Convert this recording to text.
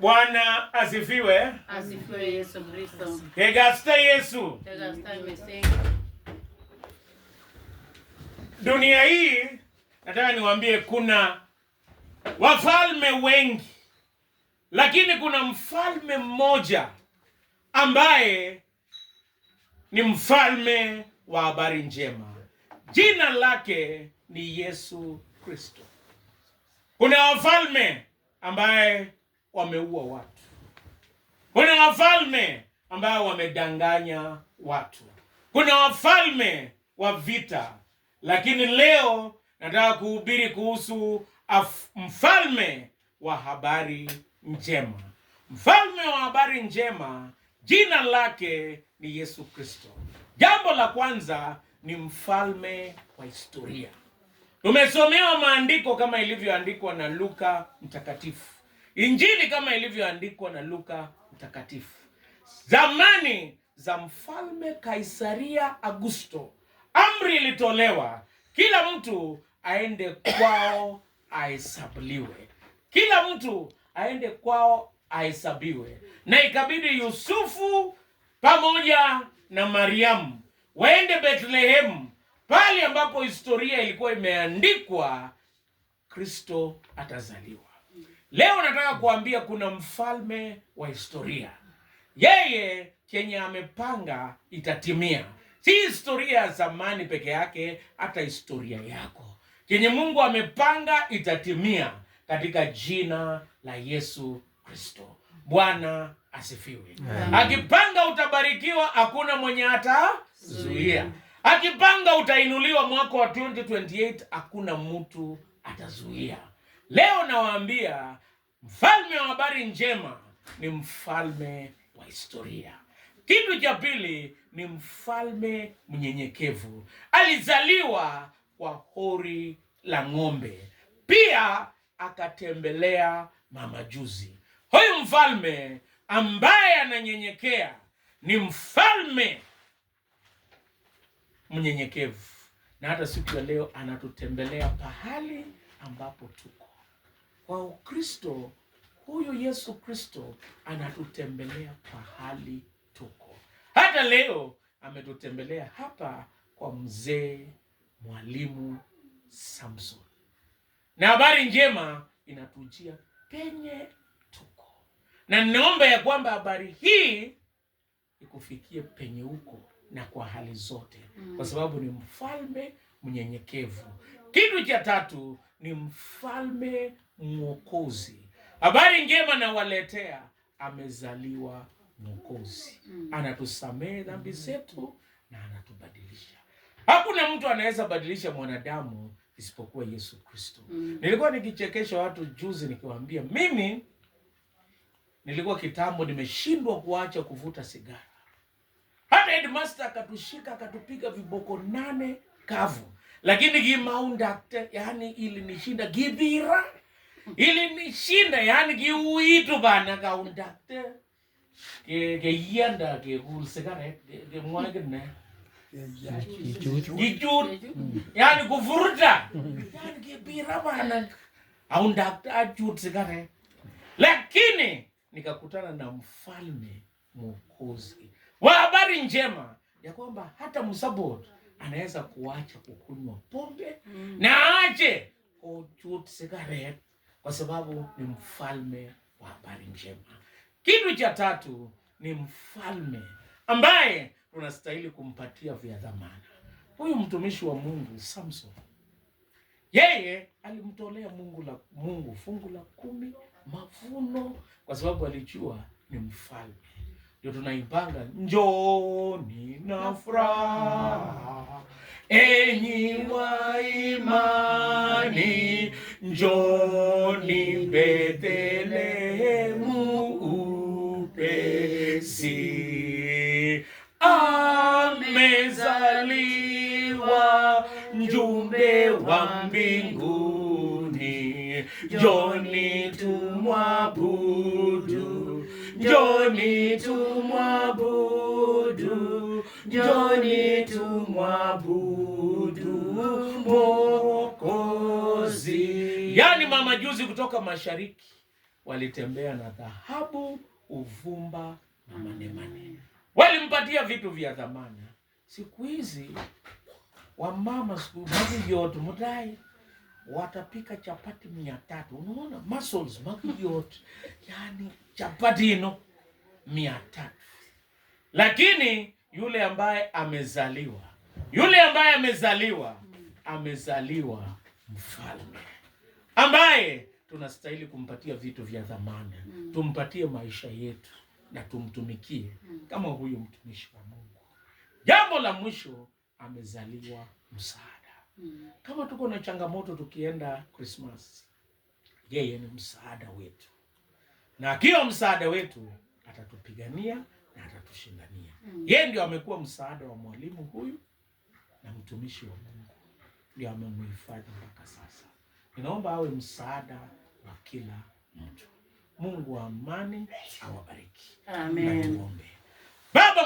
Bwana asifiwe. Asifiwe Yesu Kristo. Tegasta Yesu. Tegasta Yesu. Dunia hii nataka niwaambie kuna wafalme wengi, lakini kuna mfalme mmoja ambaye ni mfalme wa habari njema. Jina lake ni Yesu Kristo. Kuna wafalme ambaye wameua watu, kuna wafalme ambao wamedanganya watu, kuna wafalme wa vita. Lakini leo nataka kuhubiri kuhusu mfalme wa habari njema. Mfalme wa habari njema jina lake ni Yesu Kristo. Jambo la kwanza ni mfalme wa historia. Tumesomewa maandiko kama ilivyoandikwa na Luka mtakatifu Injili kama ilivyoandikwa na Luka Mtakatifu. Zamani za mfalme Kaisaria Augusto, amri ilitolewa kila mtu aende kwao ahesabuliwe, kila mtu aende kwao ahesabiwe. Na ikabidi Yusufu pamoja na Mariamu waende Bethlehemu, pale ambapo historia ilikuwa imeandikwa Kristo atazaliwa. Leo nataka kuambia kuna mfalme wa historia. Yeye kenye amepanga itatimia, si historia ya zamani peke yake, hata historia yako. Kenye Mungu amepanga itatimia katika jina la Yesu Kristo. Bwana asifiwe. Amen. Akipanga utabarikiwa, hakuna mwenye atazuia. Akipanga utainuliwa mwaka wa 2028 hakuna mtu atazuia. Leo nawaambia mfalme wa habari njema ni mfalme wa historia. Kitu cha pili ni mfalme mnyenyekevu, alizaliwa kwa hori la ng'ombe, pia akatembelea mamajuzi. Huyu mfalme ambaye ananyenyekea ni mfalme mnyenyekevu, na hata siku ya leo anatutembelea pahali ambapo tuko. Kwa Ukristo, huyu Yesu Kristo anatutembelea pahali tuko. Hata leo ametutembelea hapa kwa mzee Mwalimu Samson, na habari njema inatujia penye tuko, na ninaomba ya kwamba habari hii ikufikie penye uko na kwa hali zote, kwa mm. sababu ni mfalme mnyenyekevu kitu cha tatu ni mfalme mwokozi. Habari njema nawaletea, amezaliwa mwokozi, mm. anatusamehe dhambi zetu na anatubadilisha. Hakuna mtu anaweza badilisha mwanadamu isipokuwa Yesu Kristo. Mm. Nilikuwa nikichekesha watu juzi nikiwaambia mimi nilikuwa kitambo nimeshindwa kuacha kuvuta sigara. Hata headmaster akatushika akatupiga viboko nane kavu lakini gimaundakte yani ilinishinda gidhira ilinishinda yani giuitu bana kaundakte keyenda kekul sigaret kemwakine kichut yani kuvuruta yani kibira bana aundakte achut sigaret lakini nikakutana na mfalme mwokozi wa habari njema ya kwamba hata msabot anaweza kuacha kukunywa pombe mm. na aje kuchuti sigaret kwa sababu ni mfalme wa habari njema. Kitu cha tatu ni mfalme ambaye tunastahili kumpatia vya dhamana. Huyu mtumishi wa Mungu Samson, yeye alimtolea Mungu la Mungu fungu la kumi mavuno kwa sababu alijua ni mfalme. Ndio tunaimbanga, njooni na furaha Njoni Bethlehemu upesi, amezaliwa mjumbe wa mbinguni. Njoni tumwabudu, njoni tumwabudu, njoni tumwabudu Yaani mamajuzi kutoka mashariki walitembea na dhahabu, uvumba na manemane, walimpatia vitu vya dhamana. Siku hizi wamama, siku hizi yote mudai watapika chapati mia tatu. Unaona muscles magi yote, yani chapati ino mia tatu, lakini yule ambaye amezaliwa, yule ambaye amezaliwa, amezaliwa mfalme ambaye tunastahili kumpatia vitu vya dhamana mm. Tumpatie maisha yetu na tumtumikie mm. kama huyu mtumishi wa Mungu. Jambo la mwisho, amezaliwa msaada mm. Kama tuko na changamoto tukienda Christmas, yeye ni msaada wetu, na akiwa msaada wetu atatupigania na atatushindania mm. Yeye ndio amekuwa msaada wa mwalimu huyu na mtumishi wa Mungu, ndio amemhifadhi mpaka sasa. Ninaomba awe msaada wa kila mtu. Mungu wa amani awabariki. Amen. Tuombe. Baba